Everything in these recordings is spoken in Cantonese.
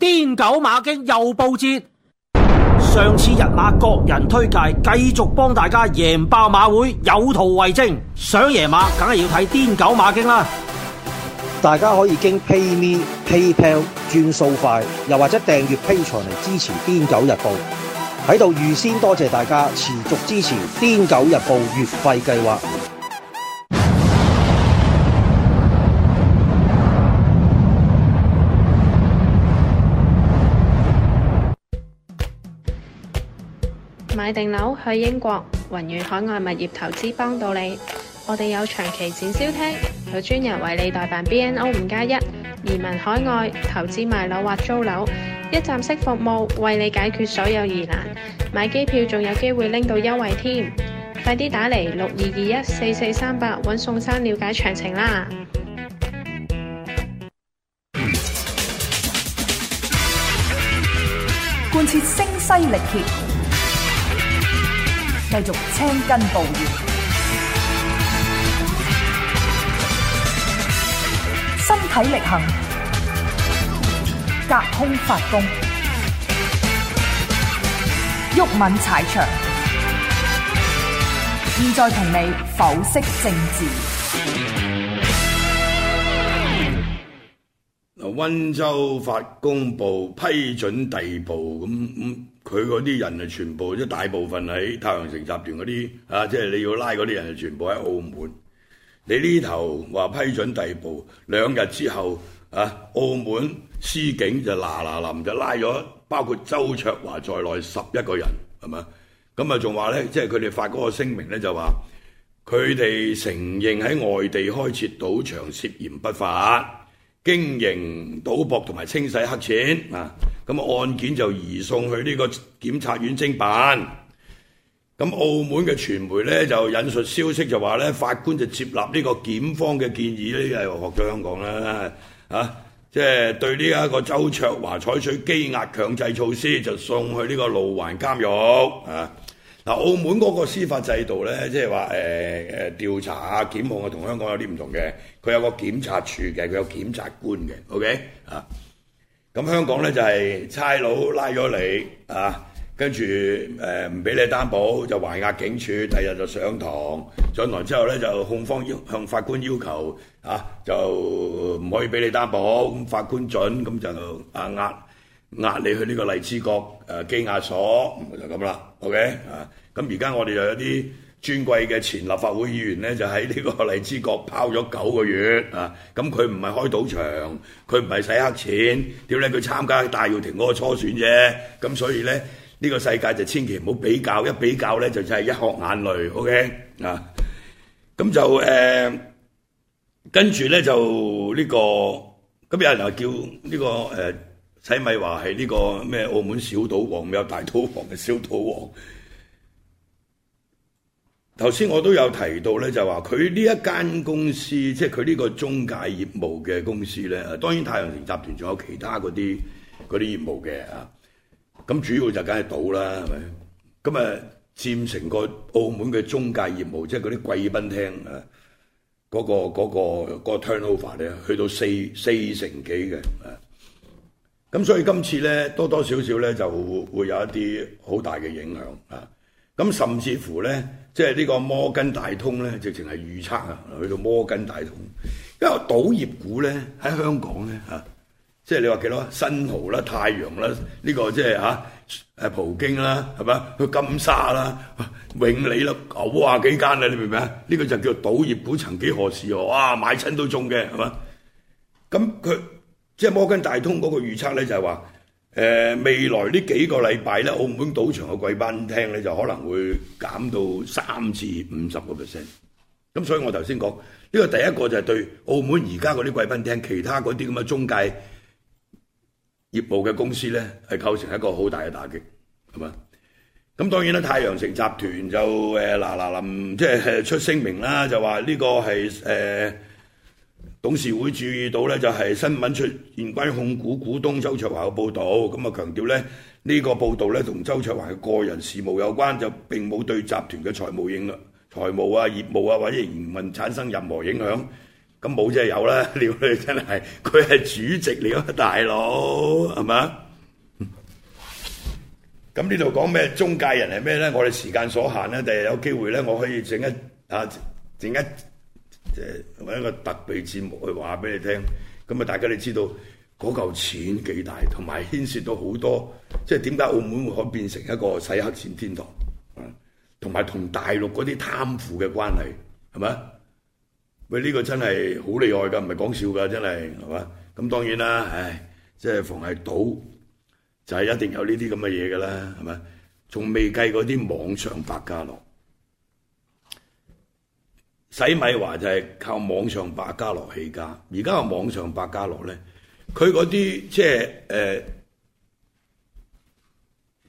癲狗馬經又報捷，上次日馬各人推介繼續幫大家贏爆馬會，有圖為證。想贏馬，梗係要睇癲狗馬經啦。大家可以經 PayMe、PayPal 轉數快，又或者訂閱平台嚟支持癲狗日報。喺度預先多謝大家持續支持癲狗日報月費計劃。買定樓去英國，宏遠海外物業投資幫到你。我哋有長期展銷廳，有專人為你代辦 BNO 五加一移民海外投資買樓或租樓，一站式服務為你解決所有疑難。買機票仲有機會拎到優惠添，快啲打嚟，六二二一四四三八搵宋生了解詳情啦！貫徹聲嘶力竭。繼續青筋暴現，身體力行，隔空發功，毓民踩場，現在同你剖析政治。嗱，溫州法公佈批准逮捕。咁、嗯。嗯佢嗰啲人係全部，即大部分喺太陽城集團嗰啲啊，即係你要拉嗰啲人全部喺澳門。你呢頭話批准逮捕，步，兩日之後啊，澳門司警就嗱嗱臨就拉咗，包括周卓華在內十一個人，係嘛？咁啊仲話呢？即係佢哋發嗰個聲明呢，就話佢哋承認喺外地開設賭場涉嫌不法。經營賭博同埋清洗黑錢啊，咁案件就移送去呢個檢察院偵辦。咁、啊、澳門嘅傳媒呢，就引述消息就話咧，法官就接納呢個檢方嘅建議咧，又、就是、學咗香港啦嚇，即、啊、係、就是、對呢一個周焯華採取羈押強制措施，就送去呢個路環監獄啊。嗱，澳門嗰個司法制度咧，即係話誒誒調查啊、檢控啊，同香港有啲唔同嘅。佢有個檢察處嘅，佢有檢察官嘅。OK 啊，咁香港咧就係差佬拉咗你啊，跟住誒唔俾你擔保，就還押警署，第日就上堂。上堂之後咧就控方要向法官要求啊，就唔可以俾你擔保，咁法官準咁就啊押，壓你去呢個荔枝角誒羈押所，就咁啦。OK 啊，咁而家我哋又有啲尊貴嘅前立法會議員咧，就喺呢個荔枝角拋咗九個月啊。咁佢唔係開賭場，佢唔係洗黑錢，點咧？佢參加戴耀廷嗰個初選啫。咁所以咧，呢個世界就千祈唔好比較，一比較咧就真係一殼眼淚。OK 啊，咁就誒，跟住咧就呢個，咁有人就叫呢個誒。呃使咪話係呢個咩？澳門小賭王有大賭王嘅小賭王。頭 先我都有提到咧，就係話佢呢一間公司，即係佢呢個中介業務嘅公司咧。當然，太陽城集團仲有其他嗰啲嗰啲業務嘅啊。咁主要就梗係賭啦，係咪？咁啊，佔成個澳門嘅中介業務，即係嗰啲貴賓廳啊，嗰個嗰個嗰個 turnover 咧，去到四四成幾嘅。咁所以今次咧，多多少少咧就會有一啲好大嘅影響啊！咁、啊、甚至乎咧，即係呢個摩根大通咧，直情係預測啊，去到摩根大通，因為賭業股咧喺香港咧嚇，即係你話幾多新豪啦、太陽啦，呢、呢個即係嚇誒葡京啦，係咪？去金沙啦、啊、永利啦，五啊幾間啊，你明唔明啊？呢、呢個就叫做賭業股，曾幾何時喎、啊？哇！買親都中嘅係嘛？咁佢。即係摩根大通嗰個預測咧，就係話誒未來呢幾個禮拜咧，澳門賭場嘅貴賓廳咧就可能會減到三至五十個 percent。咁所以我頭先講呢個第一個就係對澳門而家嗰啲貴賓廳、其他嗰啲咁嘅中介業務嘅公司咧，係構成一個好大嘅打擊，係嘛？咁當然啦，太陽城集團就誒嗱嗱臨即係出聲明啦，就話呢個係誒。呃董事會注意到咧，就係新聞出現關於控股股東周卓華嘅報導，咁啊強調咧呢、呢個報導咧同周卓華嘅個人事務有關，就並冇對集團嘅財務影響、財務啊、業務啊或者營運產生任何影響。咁冇即係有啦，你真係佢係主席嚟啊，大佬係嘛？咁呢度講咩中介人係咩咧？我哋時間所限咧，第日有機會咧，我可以整一整一。啊誒揾一個特別節目去話俾你聽，咁啊大家都知道嗰嚿錢幾大，同埋牽涉到好多，即係點解澳門會可變成一個洗黑錢天堂？同埋同大陸嗰啲貪腐嘅關係係咪？喂，呢個真係好厲害㗎，唔係講笑㗎，真係係嘛？咁當然啦，唉，即係逢係賭，就係一定有呢啲咁嘅嘢㗎啦，係咪？仲未計嗰啲網上百家樂。洗米華就係靠網上百家樂起家。而家個網上百家樂咧，佢嗰啲即係誒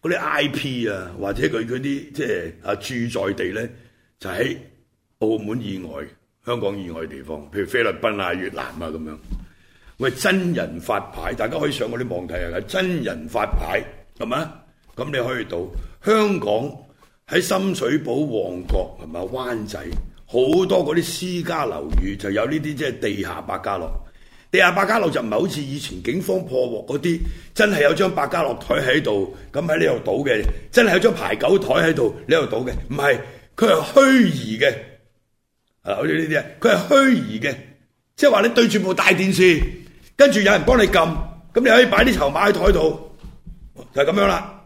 嗰啲 IP 啊，或者佢嗰啲即係啊，住在地咧就喺、是、澳門以外、香港以外嘅地方，譬如菲律賓啊、越南啊咁樣。喂，真人發牌，大家可以上嗰啲網睇下，真人發牌，係嘛？咁你可以到香港喺深水埗旺角係嘛？灣仔。好多嗰啲私家樓宇就有呢啲即係地下百家樂，地下百家樂就唔係好似以前警方破獲嗰啲真係有張百家樂台喺度咁，喺呢度賭嘅，真係有張排九台喺度呢度賭嘅，唔係，佢係虛擬嘅，啊好似呢啲啊，佢係虛擬嘅，即係話你對住部大電視，跟住有人幫你撳，咁你可以擺啲籌碼喺台度，就係咁樣啦。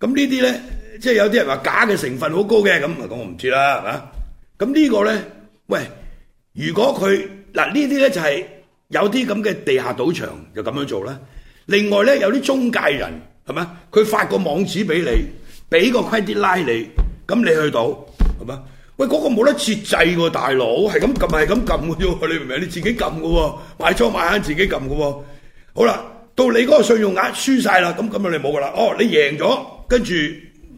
咁呢啲咧？即係有啲人話假嘅成分好高嘅，咁啊，我唔知啦，係嘛？咁呢個咧，喂，如果佢嗱呢啲咧就係有啲咁嘅地下賭場就咁樣做啦。另外咧，有啲中介人係嘛，佢發個網址俾你，俾個 credit 拉你，咁你去賭係嘛？喂，嗰個冇得設計個大佬，係咁撳係咁撳嘅啫，你明唔明？你自己撳嘅喎，買莊買閒自己撳嘅喎。好啦，到你嗰個信用額輸晒啦，咁咁咪你冇噶啦。哦，你贏咗，跟住。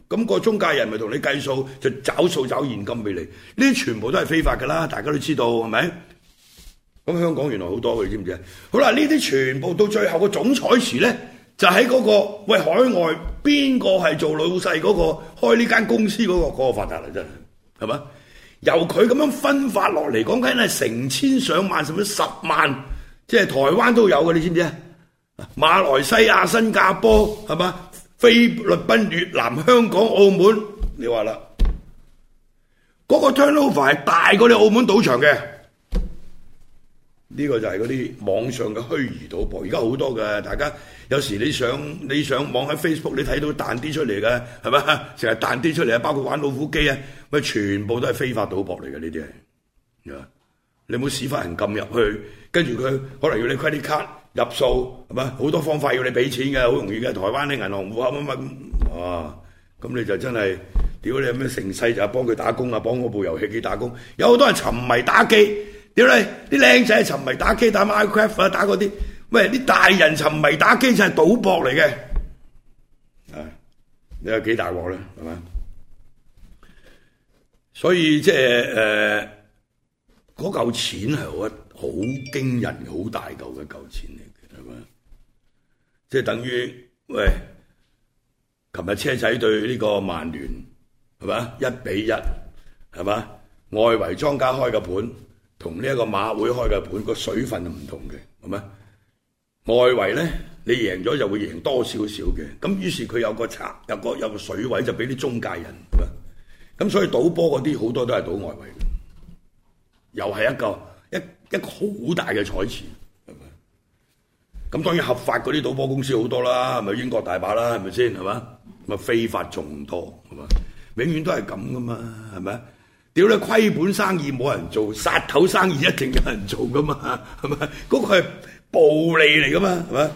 咁個中介人咪同你計數，就找數找現金俾你。呢啲全部都係非法噶啦，大家都知道係咪？咁香港原來好多嘅，你知唔知啊？好啦，呢啲全部到最後個總彩池咧，就喺嗰個喂海外邊個係做老細嗰個開呢間公司嗰個嗰個發達嚟真係係咪？由佢咁樣分發落嚟，講緊係成千上萬，甚至十萬，即係台灣都有嘅，你知唔知啊？馬來西亞、新加坡係咪？菲律賓、越南、香港、澳門，你話啦，嗰個 turnover 係大過你澳門賭場嘅，呢個就係嗰啲網上嘅虛擬賭博。而家好多嘅，大家有時你上你上網喺 Facebook，你睇到彈啲出嚟嘅，係咪？成日彈啲出嚟啊，包括玩老虎機啊，乜全部都係非法賭博嚟嘅呢啲係。你冇使翻人撳入去，跟住佢可能要你 credit card。入數係咪好多方法要你俾錢嘅，好容易嘅。台灣啲銀行戶口乜乜乜，哇、啊！咁你就真係屌你有咩成世就係幫佢打工啊，幫嗰部遊戲機打工。有好多人沉迷打機，屌你啲靚仔沉迷打機打《Minecraft》啊，打嗰啲。喂，啲大人沉迷打機就係賭博嚟嘅。啊，你有幾大鑊咧？係嘛？所以即係誒，嗰、呃、嚿錢係好，好驚人，好大嚿嘅嚿錢嚟。即係等於，喂，琴日車仔對呢個曼聯係嘛，一比一係嘛，外圍莊家開嘅盤，同呢一個馬會開嘅盤個水分係唔同嘅係咪？外圍咧你贏咗就會贏多少少嘅，咁於是佢有個差，有個有個水位就俾啲中介人係嘛，咁所以賭波嗰啲好多都係賭外圍嘅，又係一個一一個好大嘅彩池。咁當然合法嗰啲賭波公司好多啦，係咪英國大把啦，係咪先係嘛？咁啊非法仲多，係嘛？永遠都係咁噶嘛，係咪屌你，虧本生意冇人做，殺頭生意一定有人做噶嘛，係咪？嗰、嗰個係暴利嚟噶嘛，係咪？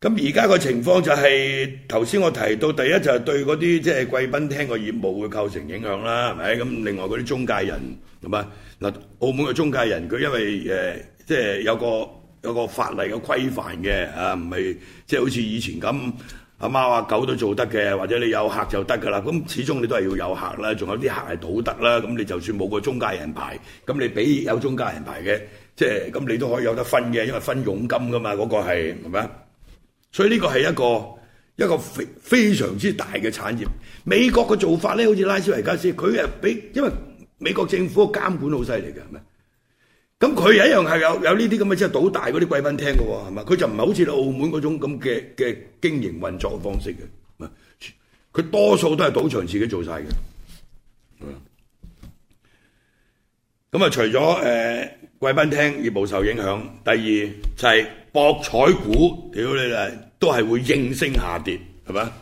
咁而家個情況就係頭先我提到第一就係對嗰啲即係貴賓廳個業務會構成影響啦，係咪？咁另外嗰啲中介人係嘛？嗱，澳門嘅中介人佢因為誒、呃、即係有個有個法例嘅規範嘅嚇，唔係即係好似以前咁，阿貓阿狗都做得嘅，或者你有客就得噶啦。咁始終你都係要有客啦，仲有啲客係賭得啦。咁你就算冇個中介人牌，咁你俾有中介人牌嘅，即係咁你都可以有得分嘅，因為分佣金噶嘛，嗰個係，係咪？所以呢個係一個一個非常之大嘅產業。美國嘅做法咧，好似拉斯維加斯，佢係俾，因為美國政府嘅監管好犀利嘅，係咪？咁佢一樣係有有呢啲咁嘅即係賭大嗰啲貴賓廳嘅喎，係嘛？佢就唔係好似你澳門嗰種咁嘅嘅經營運作方式嘅，佢多數都係賭場自己做晒嘅。咁啊，就除咗誒、呃、貴賓廳業務受影響，第二就係博彩股，屌你喇，都係會應聲下跌，係嘛？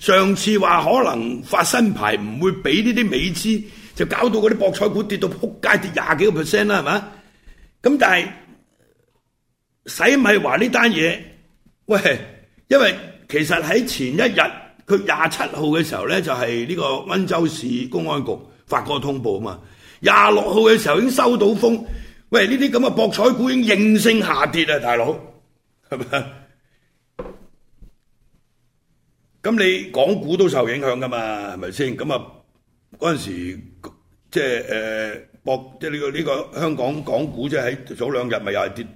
上次話可能發新牌唔會俾呢啲美資。又搞到嗰啲博彩股跌到扑街，跌廿幾個 percent 啦，係咪？咁但係使咪話呢單嘢？喂，因為其實喺前一日，佢廿七號嘅時候咧，就係呢個溫州市公安局發個通報啊嘛。廿六號嘅時候已經收到風，喂，呢啲咁嘅博彩股已經應聲下跌啊，大佬係咪？咁你港股都受影響噶嘛？係咪先？咁啊嗰陣時。即係誒博，即係呢個呢個香港港股，即係喺早兩日咪又係跌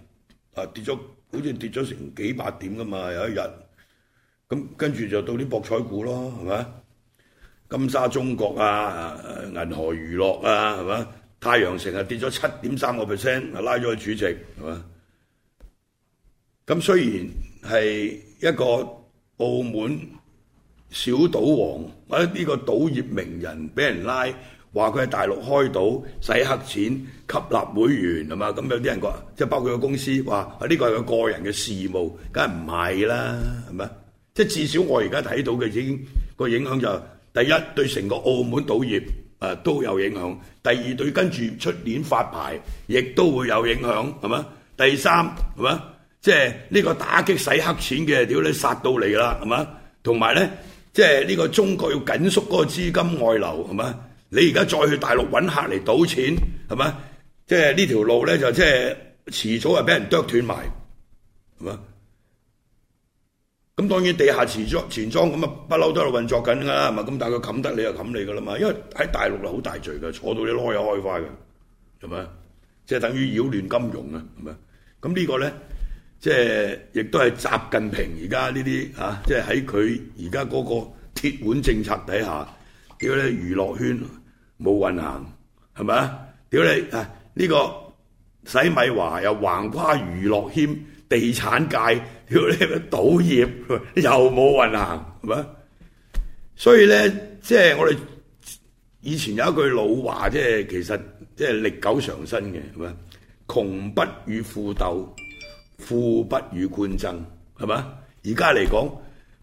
啊跌咗，好似跌咗成幾百點噶嘛，有一日。咁跟住就到啲博彩股咯，係咪？金沙中國啊，銀河娛樂啊，係嘛？太陽城啊跌咗七點三個 percent，拉咗去主席，係嘛？咁雖然係一個澳門小賭王，或者呢個賭業名人俾人拉。話佢喺大陸開賭洗黑錢吸納會員係嘛？咁有啲人講，即係包括個公司話，呢個係佢個人嘅事務，梗係唔係啦，係咪？即係至少我而家睇到嘅已經個影響就第一對成個澳門賭業啊都有影響，第二對跟住出年發牌亦都會有影響，係嘛？第三係嘛？即係呢個打擊洗黑錢嘅，屌你殺到你啦，係嘛？同埋咧，即係呢個中國要緊縮嗰個資金外流，係嘛？你而家再去大陸揾客嚟賭錢，係咪？即係呢條路咧，就即係遲早係俾人剁斷埋，係咪？咁當然地下錢莊，錢莊咁啊，不嬲都喺度運作緊㗎啦，係咪？咁但係佢冚得你就冚你㗎啦嘛，因為喺大陸係好大罪嘅，坐到你窿又開，開花嘅，係咪？即係等於擾亂金融啊，係咪？咁呢個咧，即係亦都係習近平而家呢啲啊，即係喺佢而家嗰個鐵腕政策底下。屌你娛樂圈冇運行，係咪啊？屌你啊！呢個洗米華又橫跨娛樂圈、地產界，屌你賭業又冇運行，係咪啊？所以咧，即係我哋以前有一句老話，即係其實即係歷久常新嘅，係咪啊？窮不與富鬥，富不與官爭，係咪啊？而家嚟講。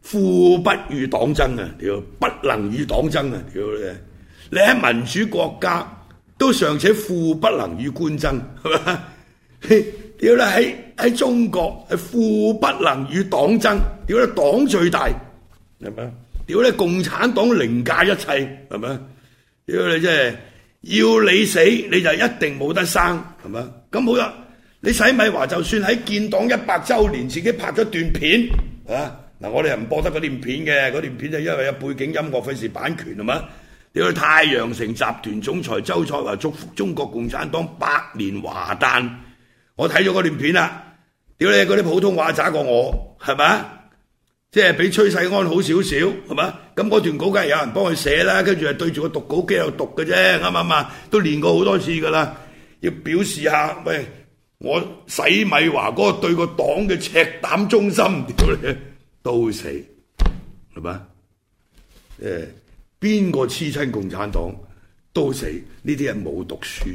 富不與黨爭啊！屌，不能與黨爭啊！屌你，你喺民主國家都尚且富不能與官爭，係嘛？屌你喺喺中國係富不能與黨爭，屌你黨最大，係咪？屌你共產黨凌駕一切，係咪？屌你真係要你死你就一定冇得生，係咪？咁好啦，你洗米華就算喺建黨一百週年自己拍咗段片，係嗱，我哋又唔播得嗰段片嘅，嗰段片就因為有背景音樂費事版權，係嘛？屌，太陽城集團總裁周焯華祝福中國共產黨百年華誕，我睇咗嗰段片啦。屌你嗰啲普通話渣過我，係咪？即係比崔世安好少少係嘛？咁嗰段稿梗係有人幫佢寫啦，跟住係對住個讀稿機又讀嘅啫，啱唔啱？都練過好多次㗎啦，要表示下，喂，我洗米華哥對個黨嘅赤膽忠心，屌你！都死，係嘛？誒、呃，邊個黐親共產黨都死。呢啲人冇讀書，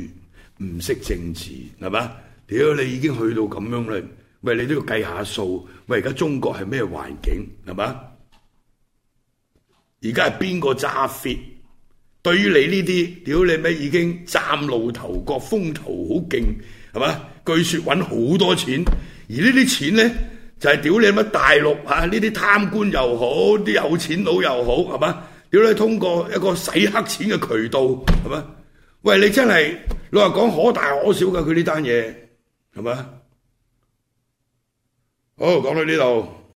唔識政治，係嘛？屌你已經去到咁樣啦，喂，你都要計下數。喂，而家中國係咩環境，係嘛？而家係邊個揸 fit？對於你呢啲，屌你咪已經嶄露頭角，風頭好勁，係嘛？據說搵好多錢，而這些錢呢啲錢咧？就係屌你乜大陸嚇，呢啲貪官又好，啲有錢佬又好，係嘛？屌你通過一個洗黑錢嘅渠道，係嘛？喂，你真係老實講，可大可小㗎。佢呢單嘢，係嘛？好，講到呢度。